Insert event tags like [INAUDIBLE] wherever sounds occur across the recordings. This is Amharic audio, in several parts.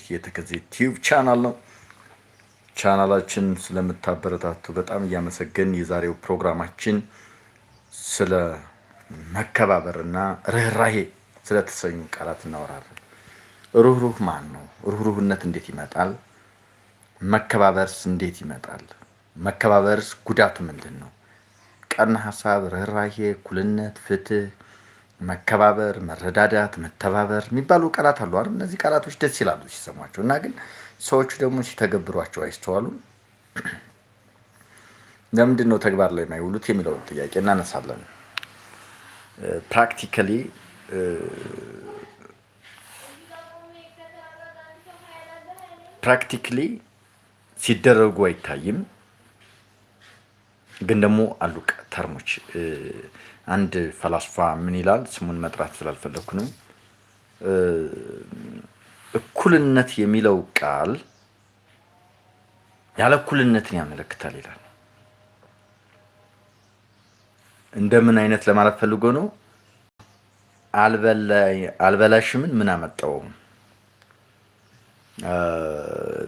ይህ የተከዜ ቲዩብ ቻናል ነው። ቻናላችን ስለምታበረታቱ በጣም እያመሰገን የዛሬው ፕሮግራማችን ስለ መከባበርና ርኅራሄ ስለተሰኙ ቃላት እናወራለን። ሩህሩህ ማን ነው? ሩህሩህነት እንዴት ይመጣል? መከባበርስ እንዴት ይመጣል? መከባበርስ ጉዳቱ ምንድን ነው? ቀና ሀሳብ፣ ርኅራሄ፣ እኩልነት፣ ፍትህ መከባበር፣ መረዳዳት፣ መተባበር የሚባሉ ቃላት አሉ አይደል? እነዚህ ቃላቶች ደስ ይላሉ ሲሰሟቸው እና ግን ሰዎቹ ደግሞ ሲተገብሯቸው አይስተዋሉም። [CLEARS THROAT] ለምንድን ነው ተግባር ላይ የማይውሉት የሚለውን ጥያቄ እናነሳለን። ፕራክቲካሊ ፕራክቲካሊ ሲደረጉ አይታይም። ግን ደግሞ አሉ ተርሞች። አንድ ፈላስፋ ምን ይላል? ስሙን መጥራት ስላልፈለግኩ ነው። እኩልነት የሚለው ቃል ያለ እኩልነትን ያመለክታል ይላል። እንደምን አይነት ለማለት ፈልጎ ነው? አልበላሽምን ምን አመጣውም?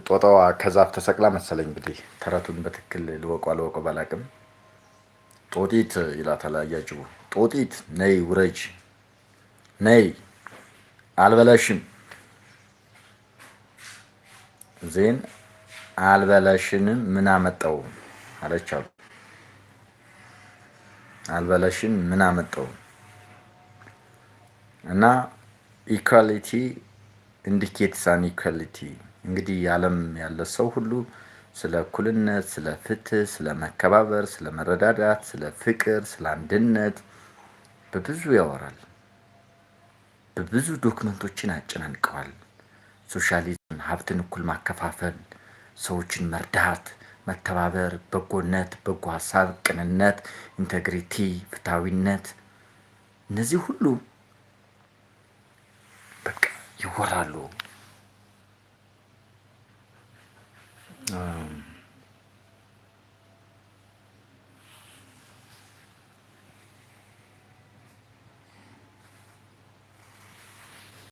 ጦጣዋ ከዛፍ ተሰቅላ መሰለኝ። እንግዲህ ተረቱን በትክክል ልወቁ አልወቁ ባላቅም ጦጢት ይላታል። አያጅቡ ጦጢት ነይ ውረጅ፣ ነይ አልበለሽም፣ ዜን አልበለሽንም ምን አመጣው አለች አሉ። አልበለሽን ምን አመጣው እና ኢኳሊቲ ኢንዲኬትስ አን ኢኳሊቲ እንግዲህ ዓለም ያለ ሰው ሁሉ ስለ እኩልነት፣ ስለ ፍትህ፣ ስለ መከባበር፣ ስለ መረዳዳት፣ ስለ ፍቅር፣ ስለ አንድነት በብዙ ያወራል። በብዙ ዶክመንቶችን አጨናንቀዋል። ሶሻሊዝም፣ ሀብትን እኩል ማከፋፈል፣ ሰዎችን መርዳት፣ መተባበር፣ በጎነት፣ በጎ ሀሳብ፣ ቅንነት፣ ኢንቴግሪቲ፣ ፍትሐዊነት እነዚህ ሁሉ በቃ ይወራሉ።